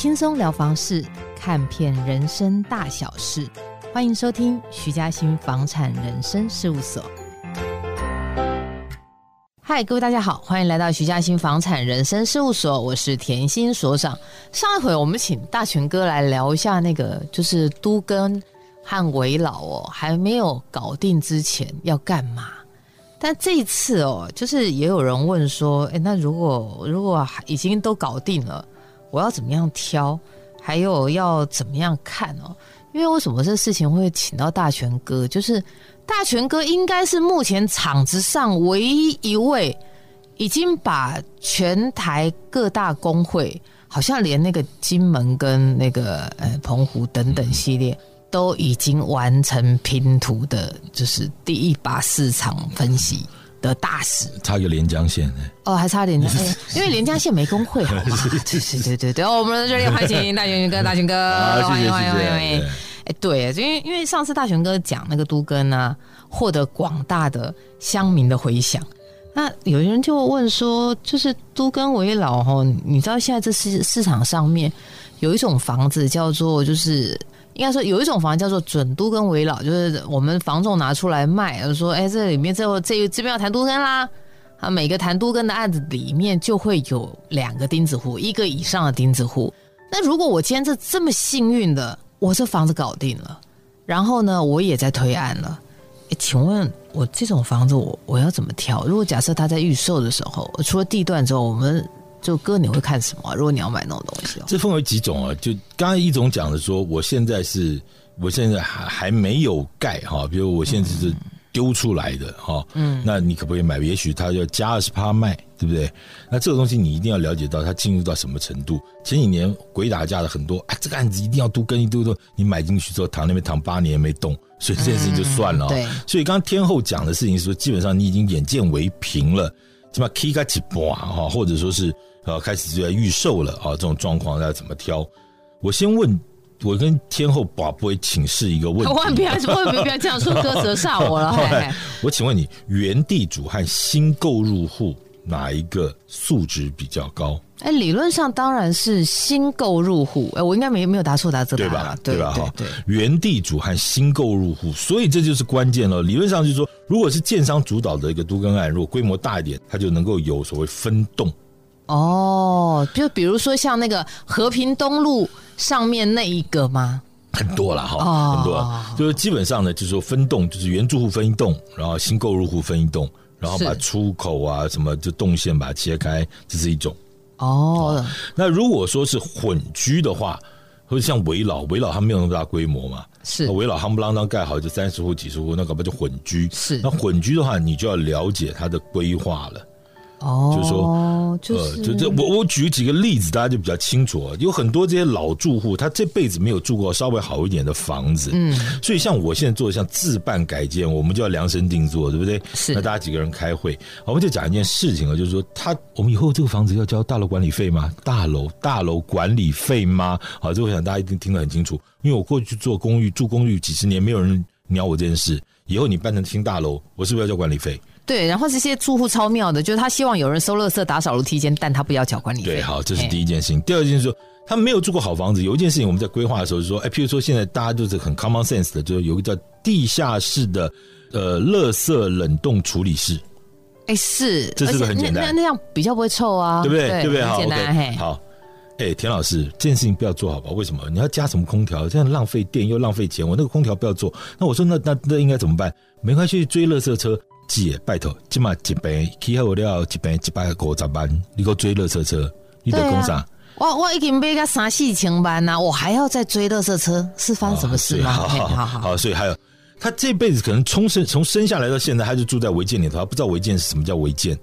輕鬆聊房事，看遍人生大小事，歡迎收聽徐家欣房產人生事務所。嗨，各位大家好，歡迎來到徐家欣房產人生事務所，我是甜心所長。上一回我們請大全哥來聊一下那個，就是都更和危老哦還沒有搞定之前要幹嘛？但這一次哦，就是也有人問說，誒那如果如果已經都搞定了？我要怎麼樣挑，還有要怎麼樣看哦？因為為什麼這事情會請到大全哥？就是大全哥應該是目前場子上唯一一位，已經把全台各大工會，好像連那個金門跟那個呃澎湖等等系列，嗯嗯都已經完成拼圖的，就是第一把市場分析。嗯嗯的大使，差個連江縣哦，還差連江縣、 欸，因為連江縣沒工會，好 對是是是，對對對。 哦，我們熱烈歡迎大全哥，大全哥 好，啊謝謝，歡迎歡迎歡迎。哎，欸，對，就因為因為上次大全哥講那個都更呢，啊，獲得廣大的鄉民的回響。那有些人就問說，就是都更危老哦，你知道現在這市市場上面有一種房子叫做就是。應該說有一種房子叫做準都更危老就是我們房仲拿出來賣，就說哎，這裡面這這這邊要談都更啦啊，每個談都更的案子裡面就會有兩個釘子戶，一個以上的釘子戶。那如果我今天這這麼幸運的，我這房子搞定了，然後呢我也在推案了，誒請問我這種房子我我要怎麼挑？如果假設他在預售的時候，除了地段之後，我們就哥，你會看什麼、啊？如果你要買那種東西、哦，這分為幾種啊？就剛剛一種講的說，我現在是，我現在還還沒有蓋哈，比如我現在是丟出來的哈，嗯，那你可不可以買？也許它要加二十趴賣，對不對？那這個東西你一定要了解到它進入到什麼程度。前幾年鬼打架的很多，哎、啊，這個案子一定要都更一都更，你買進去之後躺那邊躺八年沒動，所以這件事情就算了、嗯對。所以剛剛天后講的事情是說，基本上你已經眼見為憑了。怎麼開個直播啊？或者說是呃，開始就在預售了啊？這種狀況要怎麼挑？我先問，我跟天后寶會請示一個問題。千萬不要，千萬不要這樣說歌，哥折煞我了。 我請問你，原地主和新購入戶哪一個素質比較高？欸、理論上當然是新購入戶、欸。我應該沒沒有答錯，答對吧？對吧？哈，對,對,對。原地主和新購入戶，所以這就是關鍵了。理論上就是說。如果是建商主導的一個都更案，如果規模大一點，它就能夠有所謂分棟哦，就比如說像那個和平東路上面那一個嗎？很多了哈、哦，很多、哦，就是基本上呢，就是說分棟就是原住戶分一棟，然後新購入戶分一棟，然後把出口啊什麼就動線把它切開，這是一種。哦，那如果說是混居的話。或者像危老，危老他沒有那麼大規模嘛，是，危老夯不啷當蓋好就三十戶幾十戶，那搞不好就混居。是，那混居的話，你就要了解他的規劃了。就是、哦，就是說，呃，就這，我我舉幾個例子，大家就比較清楚了。有很多這些老住戶，他這輩子沒有住過稍微好一點的房子，嗯，所以像我現在做的像自辦改建，我們就要量身定做，對不對？是，那大家幾個人開會，我們就講一件事情啊，就是說，他，我們以後這個房子要交大樓管理費嗎？大樓大樓管理費嗎？好、啊，這我想大家一定聽得很清楚，因為我過去做公寓，住公寓幾十年，沒有人鳥我這件事。以後你辦成新大樓，我是不是要交管理費？對，然後這些住戶超妙的，就是他希望有人收垃圾、打掃樓梯間，但他不要繳管理費。對，好，這是第一件事情。第二件事，他沒有住過好房子。有一件事情，我們在規劃的時候就說，哎、欸，譬如說現在大家都是很 common sense 的，就是有個叫地下室的，呃，垃圾冷凍處理室。哎、欸，是，這是，是很簡單那那，那樣比較不會臭啊，對不對？對不對？好，OK，好。哎、okay 欸，田老師，這件事情不要做好吧？為什麼？你要加什麼空調？這樣浪費電又浪費錢。我那個空調不要做。那我說那，那那那應該怎麼辦？沒關係，追垃圾車。姐，拜託，起碼一百，起好了，一百一百五十萬，你給我追垃圾車，你在幹啥？我我已經被他三四千萬了、啊，我還要再追垃圾車，是犯什麼事嗎？哦、okay, 好好好、欸、好，好，好，所以還有，他這輩子可能從生從生下來到現在，他就住在違建裡頭，他不知道違建是什麼叫違建，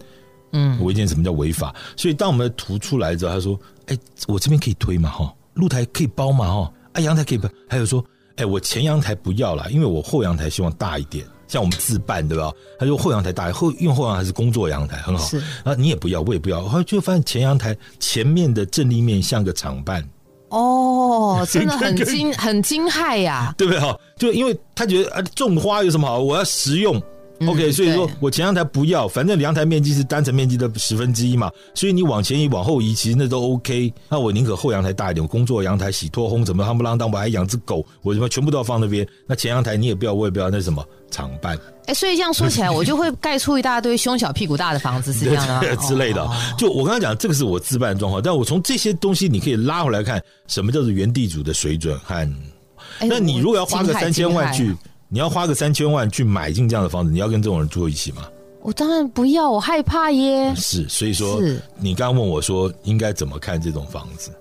嗯，違建什麼叫違法？所以當我們圖出來之後，他說：“誒、欸，我這邊可以推嘛，哈，露台可以包嘛，哈，啊，陽台可以包，還有說，誒、欸，我前陽台不要了，因為我後陽台希望大一點。”像我們自辦對吧？他就後陽台大，後用後陽台是工作陽台很好是。然後你也不要，我也不要，然後就發現前陽台前面的正立面像個廠辦哦，真的很驚 很驚駭呀，對不對哈？就因為他覺得啊，種花有什麼好？我要實用。OK，嗯、所以說我前陽台不要，反正陽台面積是單層面積的十分之一嘛，所以你往前移，往後移，其實那都 OK。那我寧可後陽台大一點，我工作陽台洗拖烘什麼浪，夯不啷噹，我還養隻狗，我什麼全部都要放那邊。那前陽台你也不要，我也不要，那是什麼廠辦？哎，欸，所以這樣說起來，我就會蓋出一大堆胸小屁股大的房子，是這樣啊 之類的。就我剛剛講這個是我自辦的狀況，但我從這些東西你可以拉回來看，什麼叫做原地主的水準和？欸、那你如果要花個三千萬去？你要花個三千萬去買進這樣的房子，你要跟這種人住一起嗎？我當然不要，我害怕耶。是，所以說，你剛剛問我說應該怎麼看這種房子？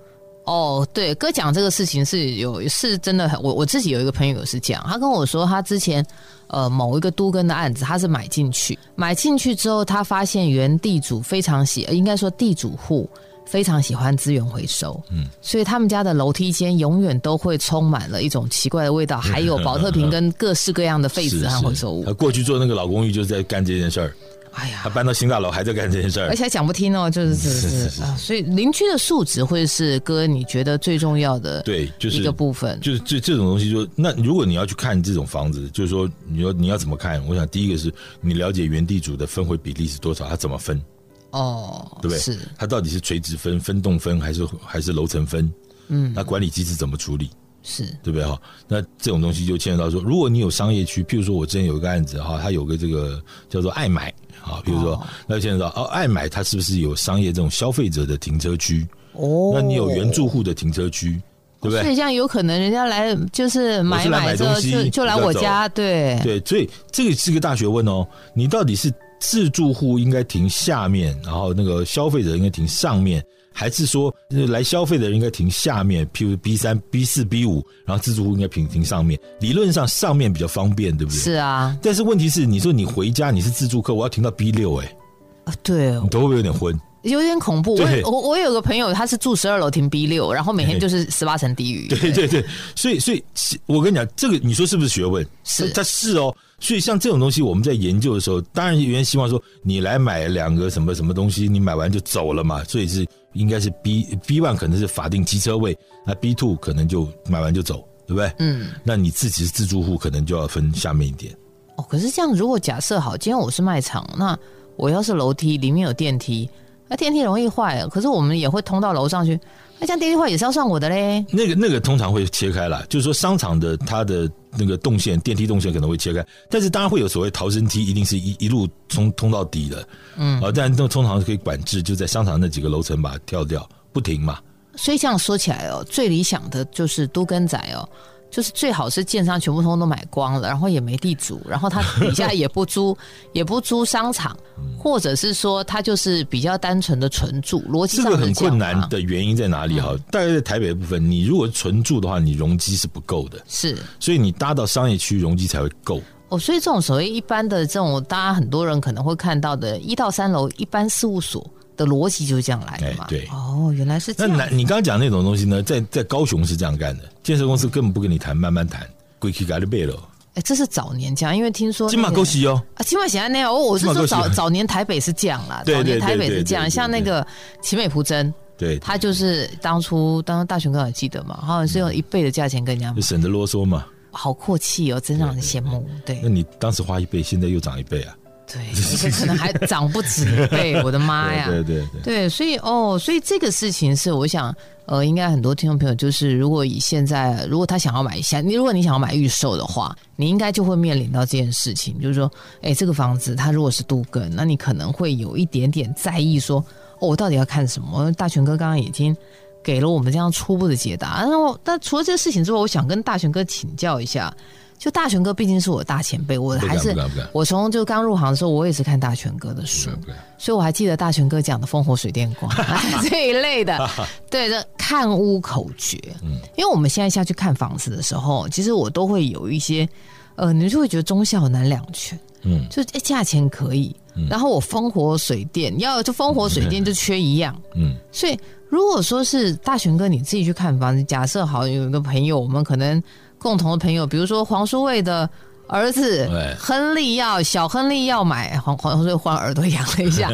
哦，對，哥講這個事情是有是真的很，我我自己有一個朋友是這樣，他跟我說他之前呃某一個都更的案子，他是買進去，買進去之後他發現原地主非常喜，應該說地主戶。非常喜歡資源回收，嗯，所以他們家的樓梯間永遠都會充滿了一種奇怪的味道，嗯、還有寶特瓶跟各式各樣的廢紙回收物，是是。他過去做那個老公寓就是在幹這件事兒，哎呀，他搬到新大樓還在幹這件事兒，而且還講不聽哦，就是、嗯、是是啊，所以鄰居的素質會是哥你覺得最重要的對，就是一個部分，就是這、就是、這種東西就那如果你要去看這種房子，就是說你要你要怎麼看？我想第一個是你了解原地主的分回比例是多少，他怎麼分？哦，對不對？是它到底是垂直分、分棟分，還是還是樓層分？嗯，那管理機制怎麼處理？是對不對哈？那這種東西就牽扯到說，如果你有商業區，譬如說我之前有一個案子哈，它有個這個叫做愛買啊，譬如說、哦、那牽扯到哦、啊，愛買它是不是有商業這種消費者的停車區？哦，那你有原住戶的停車區，對不對？所以像有可能人家來就是買買，買東西就，就來我家，對對。所以這個是個大學問哦，你到底是。自住戶應該停下面，然後那個消費者應該停上面，還是說來消費的人應該停下面？譬如 B 三、B 四、B 五，然後自住戶應該停停上面。理論上上面比較方便，對不對？是啊，但是問題是，你說你回家你是自住客，我要停到 B 六，哎啊，對、哦，你頭會不會有點昏？有點恐怖。對我我我有個朋友，他是住十二樓，停 B 六，然後每天就是十八層地獄。雨、欸、對對對，對所以所以，我跟你講，這個你說是不是學問？是，他是哦。所以像這種東西，我們在研究的時候，當然原希望說你來買兩個什麼什麼東西，你買完就走了嘛。所以是應該是 B B one 可能是法定機車位，那 B two 可能就買完就走，對不對？嗯。那你自己是自住戶，可能就要分下面一點。嗯、哦，可是這樣，如果假設好，今天我是賣場，那我要是樓梯裡面有電梯。那、啊、電梯容易壞，可是我們也會通到樓上去。那、啊、這樣電梯壞也是要算我的嘞。那個那個通常會切開了，就是說商場的它的那個動線電梯動線可能會切開，但是當然會有所謂逃生梯，一定是一一路通通到底的。嗯，啊，但都通常是可以管制，就在商場那幾個樓層把它跳掉，不停嘛。所以這樣說起來哦，最理想的就是都更仔哦。就是最好是建商全部通通都買光了，然後也沒地主，然後他底下也不租， 也不租商場，或者是說他就是比較單純的純住。邏輯上是、啊這個、很困難的原因在哪裡哈、嗯？大概在台北的部分，你如果純住的話，你容積是不夠的。是，所以你搭到商業區容積才會夠。哦，所以這種所謂一般的這種，大家很多人可能會看到的一到三樓一般事務所。的邏輯就是這樣來的嘛、欸？對，哦，原來是這樣。那你剛剛講那種東西呢，在在高雄是這樣幹的，建設公司根本不跟你談，慢慢談，貴起改了倍了。哎、欸，這是早年這樣，因為聽說金馬溝溪哦，啊，金馬溪那樣。哦，我是說早、哦、說早，早年台北是這樣啦，早年台北是這樣，對對對對對對對對像那個奇美福珍，對，對，對，對他就是當初，當大雄哥還記得嘛？好像是用一倍的價錢跟人家、嗯，就省得囉嗦嘛，好闊氣哦，真讓人羨慕、那個對對。對，那你當時花一倍，現在又漲一倍啊？對，可能還漲不止對，我的媽呀！ 對、對對對，對，所以哦，所以這個事情是，我想呃，應該很多聽眾朋友就是，如果以現在，如果他想要買，一下，你如果你想要買預售的話，你應該就會面臨到這件事情，就是說，哎，這個房子它如果是都更，那你可能會有一點點在意說，說哦，我到底要看什麼？大全哥剛剛已經給了我們這樣初步的解答，然、啊、後但、但除了這個事情之外，我想跟大全哥請教一下。就大全哥畢竟是我大前輩，我還是不敢不敢我從就剛入行的時候，我也是看大全哥的書不敢不敢，所以我還記得大全哥講的風火水電光 這一類的， 對的看屋口訣、嗯。因為我們現在下去看房子的時候，其實我都會有一些，呃，你就會覺得忠孝難兩全，嗯，就、欸、價錢可以，然後我風火水電、嗯、要就風火水電就缺一樣，嗯，所以如果說是大全哥你自己去看房子，假設好有一個朋友，我們可能。共同的朋友，比如說黃淑慧的兒子亨利要小亨利要買黃黃淑慧換耳朵癢了一下，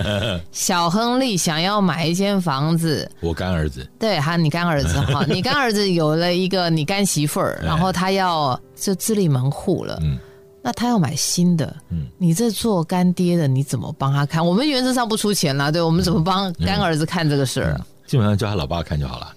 小亨利想要買一間房子。我乾兒子，對，還有你乾兒子哈， 你乾兒子有了一個你乾媳婦兒， 然後他要就自立門戶了，嗯，那他要買新的，嗯，你這做乾爹的，你怎麼幫他看？我們原則上不出錢了，對，我們怎麼幫乾兒子看這個事兒、嗯？基本上叫他老爸看就好了。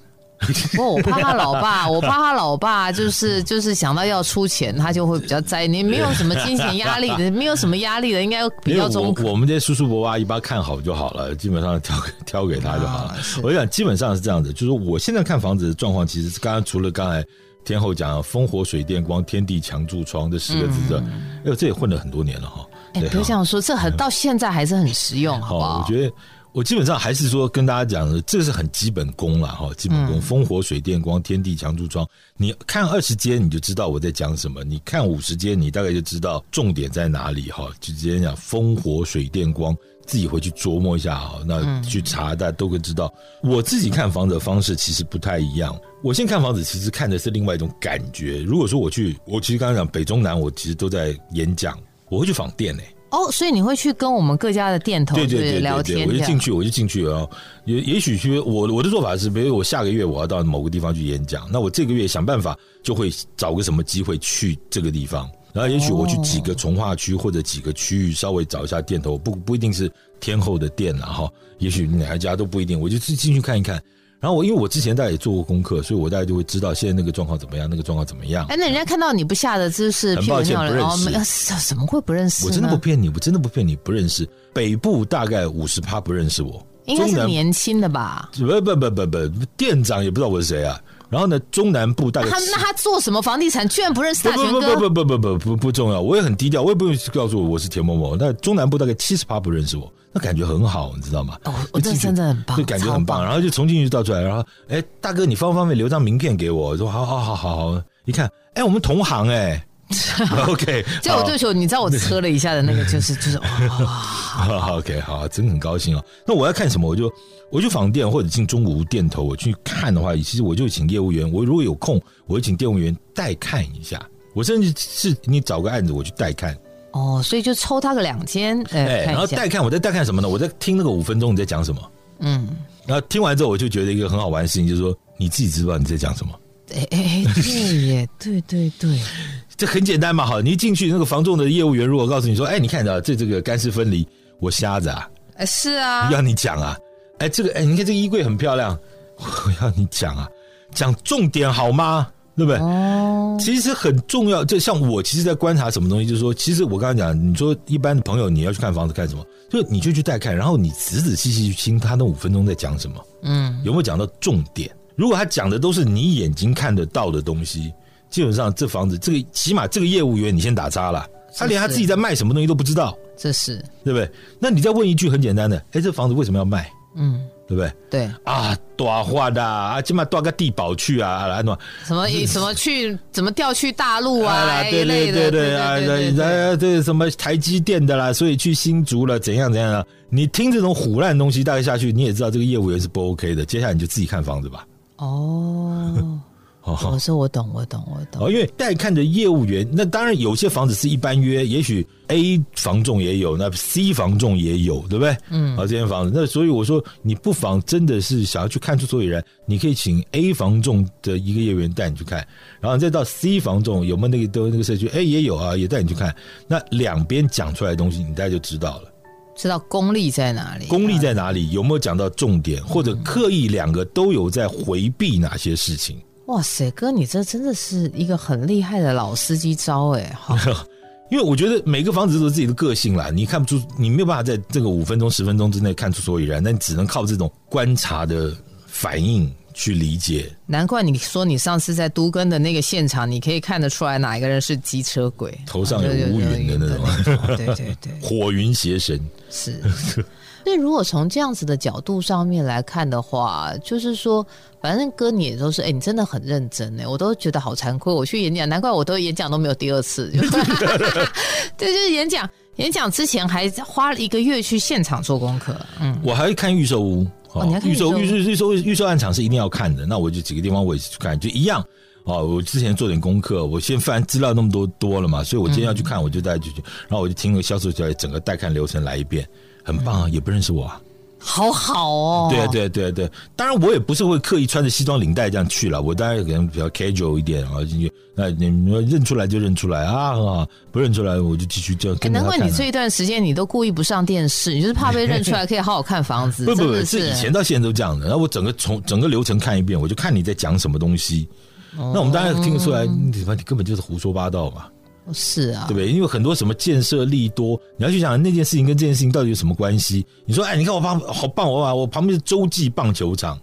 不，我怕他老爸，我怕他老爸，就是 就是想到要出錢，他就會比較災。你沒有什麼金錢壓力的， 沒有什麼壓力的，應該比較中肯。我們這些叔叔伯伯，伯一巴看好就好了，基本上挑挑給他就好了。啊、我就想，基本上是這樣子。就是我現在看房子的狀況，其實剛剛除了剛才天后講“風火水電光天地牆、柱窗”這十個字的，哎、嗯、呦，這也混了很多年了哈、哦。哎、啊欸，別這樣說，這很 到現在還是很實用，好不好？哦、我覺得。我基本上還是說跟大家講的，這是很基本功了哈，基本功。風火水電光，天地牆柱窗，嗯、你看二十間你就知道我在講什麼，你看五十間你大概就知道重點在哪裡哈。就直接講風火水電光，自己回去琢磨一下啊，那去查，大家都會知道。我自己看房子的方式其實不太一樣，我先看房子其實看的是另外一種感覺。如果說我去，我其實剛剛講北中南，我其實都在演講，我會去訪店呢、欸。哦，所以你會去跟我們各家的店頭對對對聊天。我就進去，我就進去啊。也也許是我，我的做法是，比如我下個月我要到某個地方去演講，那我這個月想辦法就會找個什麼機會去這個地方。然後也許我去幾個重劃區或者幾個區域，稍微找一下店頭，不不一定是天後的店啊哈。然後也許哪一家都不一定，我就進進去看一看。然後我因為我之前大概也做過功課，所以我大概就會知道現在那個狀況怎麼樣，那個狀況怎麼樣。哎，那人家看到你不下的就是騙人了，然後什，怎麼會不認識？我真的不騙你，我真的不騙你，不認識。北部大概五十趴不認識我，應該是年輕的吧？不不不不不，店長也不知道我是誰啊。然後呢，中南部大概他那他做什麼房地產，居然不認識大全哥？不不不不不不不不重要，我也很低調，我也不用告訴我我是田某某。但中南部大概七十趴不認識我。那感覺很好，你知道嗎？哦，我覺得真的很棒，就，就感覺很棒。棒，然後就從進去到出來，然後哎、欸，大哥，你方不方便留張名片給我，說好好好好好，一看哎、欸，我們同行哎、欸、 ，OK。就我對手，你知道我測了一下的那個，就是 就是哇、 哦、，OK，好，真的很高興哦。那我要看什麼，我就我去房店或者進中古屋店頭，我去看的話，其實我就請業務員，我如果有空，我就請業務員帶看一下，我甚至是你找個案子，我去帶看。哦，所以就抽他個兩天，哎，然後帶看，我在帶看什麼呢？我在聽那個五分鐘你在講什麼？嗯，然後聽完之後，我就覺得一個很好玩的事情，就是說你自己知道你在講什麼？哎哎哎，對耶， 對，對對對，這很簡單嘛，好，你進去那個房仲的業務員如果告訴你說，哎、嗯欸，你看到這這個乾濕分離，我瞎子啊、欸？是啊，要你講啊，哎、欸，這個哎、欸，你看這個衣櫃很漂亮，我要你講啊，講重點好嗎？對不對？哦，其實很重要。就像我其實，在觀察什麼東西，就是說，其實我剛剛講，你說一般的朋友，你要去看房子看什麼？就你就去帶看，然後你仔仔細細去聽他那五分鐘在講什麼，嗯，有沒有講到重點？如果他講的都是你眼睛看得到的東西，基本上這房子這個起碼這個業務員你先打叉了，他連他自己在賣什麼東西都不知道，這是，這是對不對？那你再問一句很簡單的，誒，這房子為什麼要賣？嗯。對不對？對啊，多話的啊，起碼多個地堡去啊，來什麼什麼,麼去，怎麼調去大陸啊,啊對對對對啊，對對對,對,對,對,、啊、對，什麼台積電的啦，所以去新竹了，怎樣怎樣、啊？你聽這種唬爛東西帶下去，你也知道這個業務員是不 OK 的。接下來你就自己看房子吧。哦。 我說我懂，我懂，我懂。哦，因為帶看的業務員，那當然有些房子是一般約，也許 A 房仲也有，那 C 房仲也有，對不對？嗯，啊，這間房子，那所以我說你不妨真的是想要去看出所以然，你可以請 A 房仲的一個業務員帶你去看，然後再到 C 房仲有沒有那個都那個社區，哎、嗯，A、也有啊，也帶你去看。嗯、那兩邊講出來的東西，你大家就知道了。知道功力在哪裡？功力在哪裡、啊？有沒有講到重點，或者刻意兩個都有在回避哪些事情？嗯哇塞，哥，你這真的是一個很厲害的老司機招哎！哈，因為我覺得每個房子都有自己的個性啦，你看不出，你沒有辦法在這個五分鐘、十分鐘之內看出所以然，那你只能靠這種觀察的反應去理解。難怪你說你上次在都更的那個現場，你可以看得出來哪一個人是機車鬼，頭上有烏雲的那種，對對對，火雲邪神是。 所以如果從這樣子的角度上面來看的話，就是說，反正哥你也都是，哎，你真的很認真哎，我都覺得好慚愧。我去演講，難怪我都演講都沒有第二次。 對，就是演講，演講之前還花了一個月去現場做功課。嗯，我還會看預售屋、哦哦，預售預售預售預售，預售案場是一定要看的。那我就幾個地方我也去看，就一樣。啊、哦，我之前做點功課，我先翻資料那麼多多了嘛，所以我今天要去看，嗯、我就帶去，然後我就聽了銷售小姐整個帶看流程來一遍。很棒啊、嗯，也不認識我、啊，好好哦。對啊，對啊對對、啊，當然我也不是會刻意穿着西裝領帶這樣去了，我當然可能比較 casual 一點啊進去。那你們認出來就認出來啊，很、啊、好，不認出來我就繼續這樣、啊。難、哎、怪你這一段時間你都故意不上電視，你就是怕被認出來可以好好看房子。 不不不，是以前到現在都這樣的。那我整個從整個流程看一遍，我就看你在講什麼東西。嗯、那我們當然聽得出來，你你根本就是胡說八道嘛。是啊，對不對？因為很多什麼建設利多，你要去想那件事情跟這件事情到底有什麼關係？你說，哎，你看我旁好棒，我我旁邊是洲際棒球場，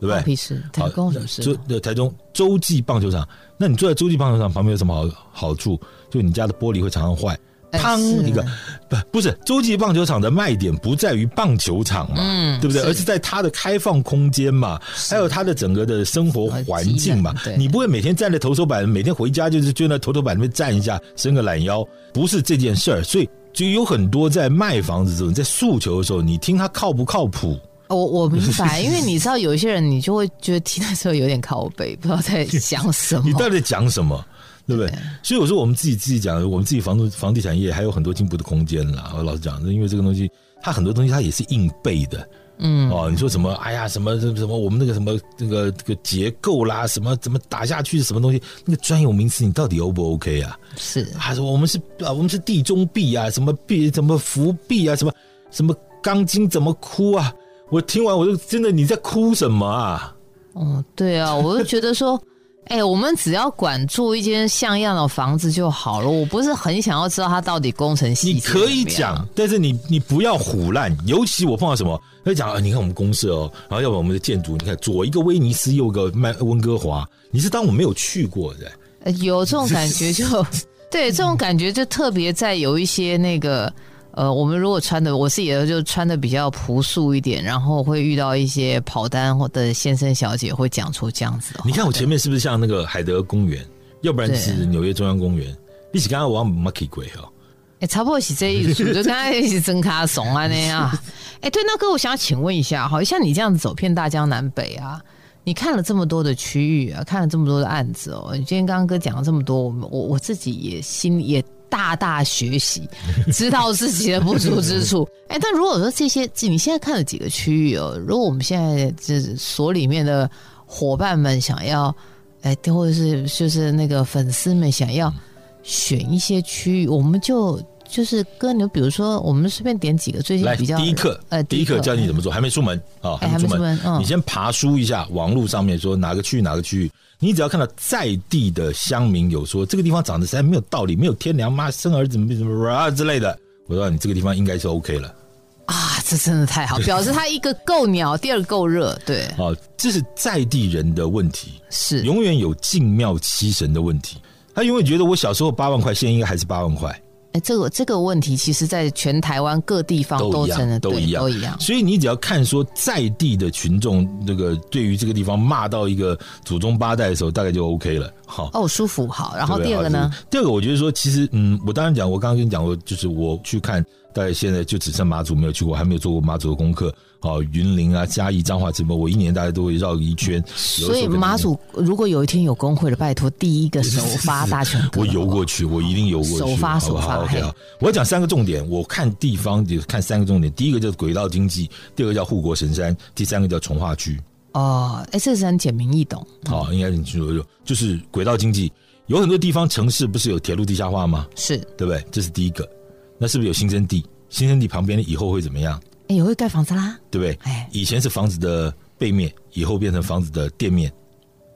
對不對？屁是台中什麼？台中洲際棒球場，那你坐在，在洲際棒球場旁邊有什麼好好處？就你家的玻璃會常常壞。湯一個不、哦、不是洲際棒球場的賣點不在於棒球場嘛，嗯、對不對？是而是在它的開放空間嘛，還有它的整個的生活環境嘛對。你不會每天站在投手板，每天回家就是就在投手板那邊站一下，伸個懶腰，不是這件事兒。所以就有很多在賣房子這種在訴求的時候，你聽他靠不靠譜？我、哦、我明白，就是、 因為你知道有一些人，你就會覺得聽的時候有點靠北，不知道在講什麼。 你到底在講什麼？對不對，對、啊？所以我說，我們自己自己講，我們自己房住房地產業還有很多進步的空間啦。我老實講，因為這個東西，它很多東西它也是硬背的，嗯哦，你說什麼？哎呀，什麼什麼什麼？我們那個什麼那、這個這個結構啦，什麼怎麼打下去？什麼東西？那個專有名詞你到底 O 不 OK 啊？是還是我們是啊，我們是地中壁啊，什麼壁？什麼扶壁啊？什麼什麼鋼筋怎麼哭啊？我聽完我就真的你在哭什麼啊？哦，對啊，我就覺得說。 哎、欸，我們只要管住一間像樣的房子就好了。我不是很想要知道它到底工程細節。你可以講，但是你你不要唬爛。尤其我碰到什麼他講啊，你看我們公社哦，然後要把我們的建築，你看左一個威尼斯，右一個溫哥華，你是當我沒有去過的、欸、有這種感覺就 對，這種感覺就特別在有一些那個。呃，我們如果穿的，我是也就穿的比較樸素一點，然後會遇到一些跑單的先生小姐會講出這樣子的話，你看我前面是不是像那個海德公園，要不然是紐約中央公園？比起剛剛我往 m o c k e y 鬼哦，哎、欸，差不多是這意思， 就剛剛也是真卡鬆啊那樣。哎、 欸，對，那哥，我想請問一下，好像你這樣子走遍大江南北啊，你看了這麼多的區域啊，看了這麼多的案子哦、喔，你今天剛剛哥講了這麼多，我們我我自己也心也，大大學習，知道自己的不足之處。哎、 欸，但如果說這些，你現在看了幾個區域哦？如果我們現在就所裡面的夥伴們想要，哎、欸，或者是就是那個粉絲們想要選一些區域，嗯，我們就。就是哥，你比如說，我們隨便點幾個最近比較來。第一課，呃，第一課教你怎麼做，還沒出門啊、哦欸，還沒出門，你先爬梳一下網路上面說哪個區域哪個區域，你只要看到在地的鄉民有說這個地方長得實在沒有道理，沒有天良媽，生兒子怎麼怎麼啊之類的，我說你這個地方應該是 OK 了啊，這真的太好，表示他一個夠鳥， 第二個夠熱，對，啊、哦，這是在地人的問題，是永遠有近廟欺神的問題，他永遠覺得我小時候八萬塊，現在應該還是八萬塊。哎、欸，這個這個問題，其實在全台灣各地方都一樣都一樣，都一樣，都一樣。所以你只要看說在地的群眾，那個對於這個地方罵到一個祖宗八代的時候，大概就 OK 了，好哦，舒服好。然後第二個呢，第二個我覺得說，其實嗯，我當然講，我剛剛跟你講過，就是我去看，大概現在就只剩馬祖沒有去過，還沒有做過馬祖的功課。哦，雲林啊，嘉義、彰化、什麼，我一年大概都會繞一圈，嗯。所以馬祖如果有一天有工會的，拜託第一個首發大全，我游過去，我一定游過去。首、哦、發首發，OK 啊！我要講三個重點，我看地方就看三個重點。第一個叫軌道經濟，第二個叫護國神山，第三個叫重劃區。哦、呃，哎，這很簡明易懂。嗯、好，應該很清楚，就是軌道經濟，有很多地方城市不是有鐵路地下化嗎？是對不對？這是第一個。那是不是有新生地？新生地旁邊以後會怎麼樣？也、欸、會蓋房子啦，對不對？哎，以前是房子的背面，以後變成房子的店面。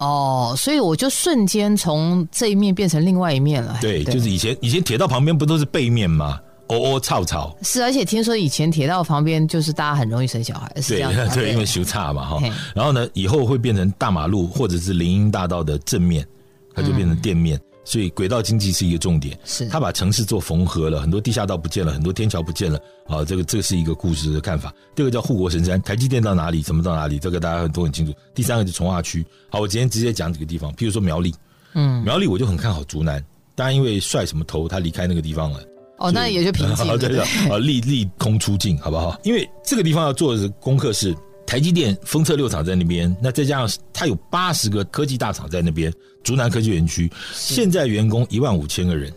哦，所以我就瞬間從這一面變成另外一面了。對，對就是以前以前鐵道旁邊不都是背面嗎？哦哦，吵吵。是，而且聽說以前鐵道旁邊就是大家很容易生小孩，是這樣、啊、對，對，因為修岔嘛哈。然後呢，以後會變成大馬路或者是林蔭大道的正面，它就變成店面。嗯。所以軌道經濟是一個重點，是它把城市做縫合了，很多地下道不見了，很多天橋不見了，啊、哦，這個這是一個故事的看法。第二個叫護國神山，台積電到哪裡，怎麼到哪裡，這個大家都很清楚。第三個就重劃區。好，我今天直接講幾個地方，譬如說苗栗，嗯，苗栗我就很看好竹南，當然因為帥什麼頭他離開那個地方了，哦，那也就平靜，啊， 利、利空出盡，好不好？因為這個地方要做的功課是。台積電封測六廠在那邊，那再加上它有八十個科技大廠在那邊，竹南科技園區現在員工一萬五千個人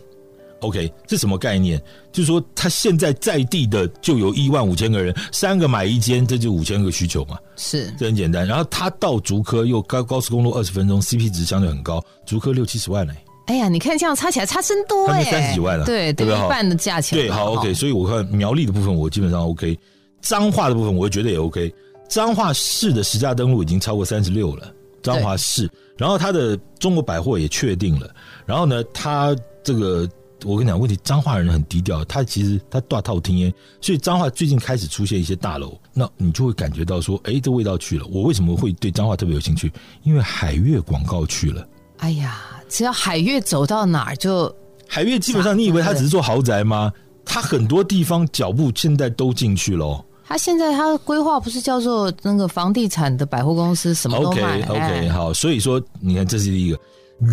，OK，這什麼概念？就是說它現在在地的就有一萬五千個人，三個買一間，這就五千個需求嘛。是，這很簡單。然後它到竹科又高高速公路二十分鐘，CP 值，相對很高，竹科六七十萬嘞、欸。哎呀，你看這樣差起來差真多哎、欸，三十幾萬了，對對，一半的價錢。對，好 OK，所以我看苗栗的部分我基本上 OK，彰化的部分我覺得也 OK。彰化市的實價登錄已經超過三十六了，彰化市。然後他的中國百貨也確定了。然後呢，他這個我跟你講，問題彰化人很低調，他其實他大套廳，所以彰化最近開始出現一些大樓，那你就會感覺到說，哎，這味道去了。我為什麼會對彰化特別有興趣？因為海悅廣告去了。哎呀，只要海悅走到哪兒就，就海悅基本上你以為他只是做豪宅嗎？他很多地方腳步現在都進去了。他、啊、現在他規劃不是叫做那個房地產的百貨公司什麼都賣，OK OK 好，所以說你看這是一個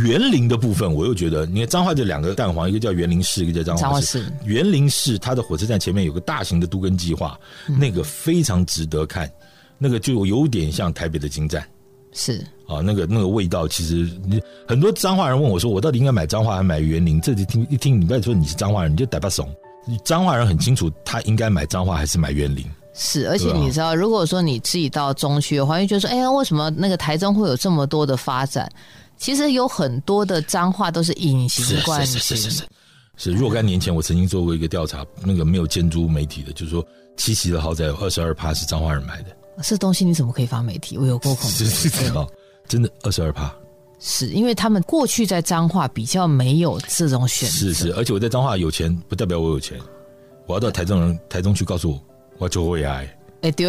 員林的部分，我又覺得你看彰化這兩個蛋黃，一個叫員林市，一個叫彰化市。員林市它的火車站前面有個大型的都更計劃，那個非常值得看，那個就有點像台北的京站。是啊，那個那個味道其實你很多彰化人問我說，我到底應該買彰化還是買員林？這就聽一聽，你不要說你是彰化人，你就呆把慫。彰化人很清楚，他應該買彰化還是買員林。是，而且你知道，如果說你自己到中區，你覺得說：“哎呀，為什麼那個台中會有這麼多的發展？”其實有很多的彰化都是隱形冠軍，是是是是是，是，是，是。若干年前，我曾經做過一個調查，那個沒有建築媒體的，就是說七期的豪宅有二十二趴是彰化人買的。這東西你怎麼可以發媒體？我有過恐懼。真的，真的二十二趴。是因為他們過去在彰化比較沒有這種選擇。是是，而且我在彰化有錢，不代表我有錢。我要到台中人台中去告訴我。我就會哎，對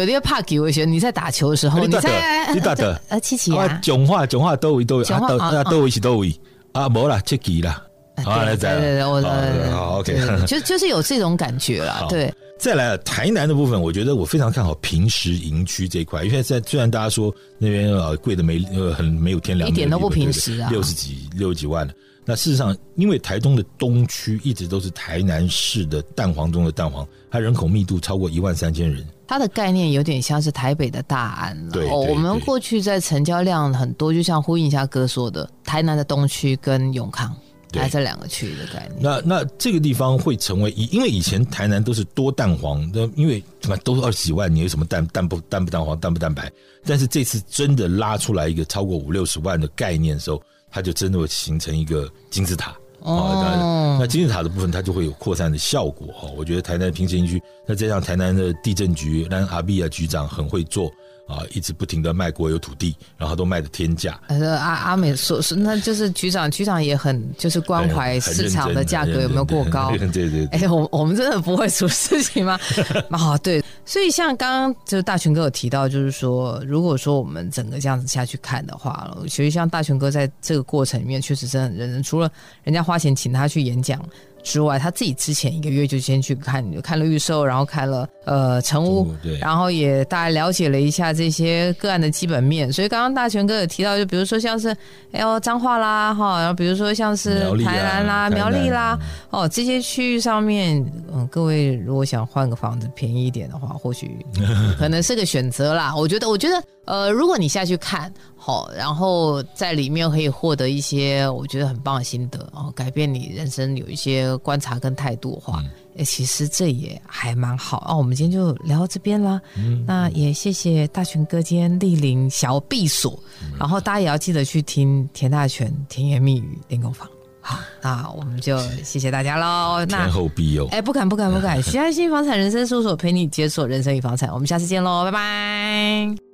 你，你在打球的時候你在、欸，你打你打的，啊，七七啊，講話講話到位到位，啊，到、啊、位、啊啊啊啊、是啊，沒了就給了，再來、啊啊啊啊，對對，對,、啊、對，對，對，對，對，對，對，好 OK，就就是有這種感覺了、嗯，對。再來台南的部分，我覺得我非常看好平實營區這一塊，因為在雖然大家說那邊貴的沒呃、嗯嗯、很沒有天良，一點都不平實啊，六十幾六十幾萬那事實上，因為台東的東區一直都是台南市的蛋黃中的蛋黃，它人口密度超過一萬三千人。它的概念有點像是台北的大安。對。我們過去在成交量很多對對對，就像呼應一下哥說的，台南的東區跟永康，還是兩個區的概念。那那這個地方會成為以，因為以前台南都是多蛋黃，那因為什麼都是二十幾萬，你有什麼蛋蛋不蛋不蛋黃蛋不蛋白？但是這次真的拉出來一個超過五六十萬的概念的時候。它就真的會形成一個金字塔哦、啊。那金字塔的部分，它就會有擴散的效果哈。我覺得台南平鎮區，那加上台南的地震局，那阿碧啊局長很會做啊，一直不停的賣國有土地，然後都賣的天價。阿、啊、阿、啊、美說說，那就是局長局長也很就是關懷市場的價格有沒有過高？對對對。哎、欸，我我們真的不會出事情嗎？ 啊，對。所以，像剛剛就是大全哥有提到，就是說，如果說我們整個這樣子下去看的話，其實像大全哥在這個過程裡面，確實真的很認真，除了人家花錢請他去演講。之外，他自己之前一個月就先去看，看了預售，然後看了呃成屋，然後也大概了解了一下這些個案的基本面。所以剛剛大全哥也提到，就比如說像是哎呦彰化啦哈，然後比如說像是台南啦、苗栗啊、苗栗啦、啊、哦這些區域上面，嗯、呃，各位如果想換個房子便宜一點的話，或許可能是個選擇啦。 我覺得，我覺得。呃，如果你下去看好，然後在裡面可以獲得一些我覺得很棒的心得，改變你人生有一些觀察跟態度的話，哎、嗯，欸，其實這也還蠻好啊、哦。我們今天就聊到這邊啦，嗯、那也謝謝大全哥今天蒞臨小避所、嗯，然後大家也要記得去聽田大權甜言蜜語練功房、嗯。好，那我們就謝謝大家嘍。天後必有，哎、欸，不敢不敢不敢，許 安心房產人生搜索，陪你解鎖人生與房產，我們下次見嘍，拜拜。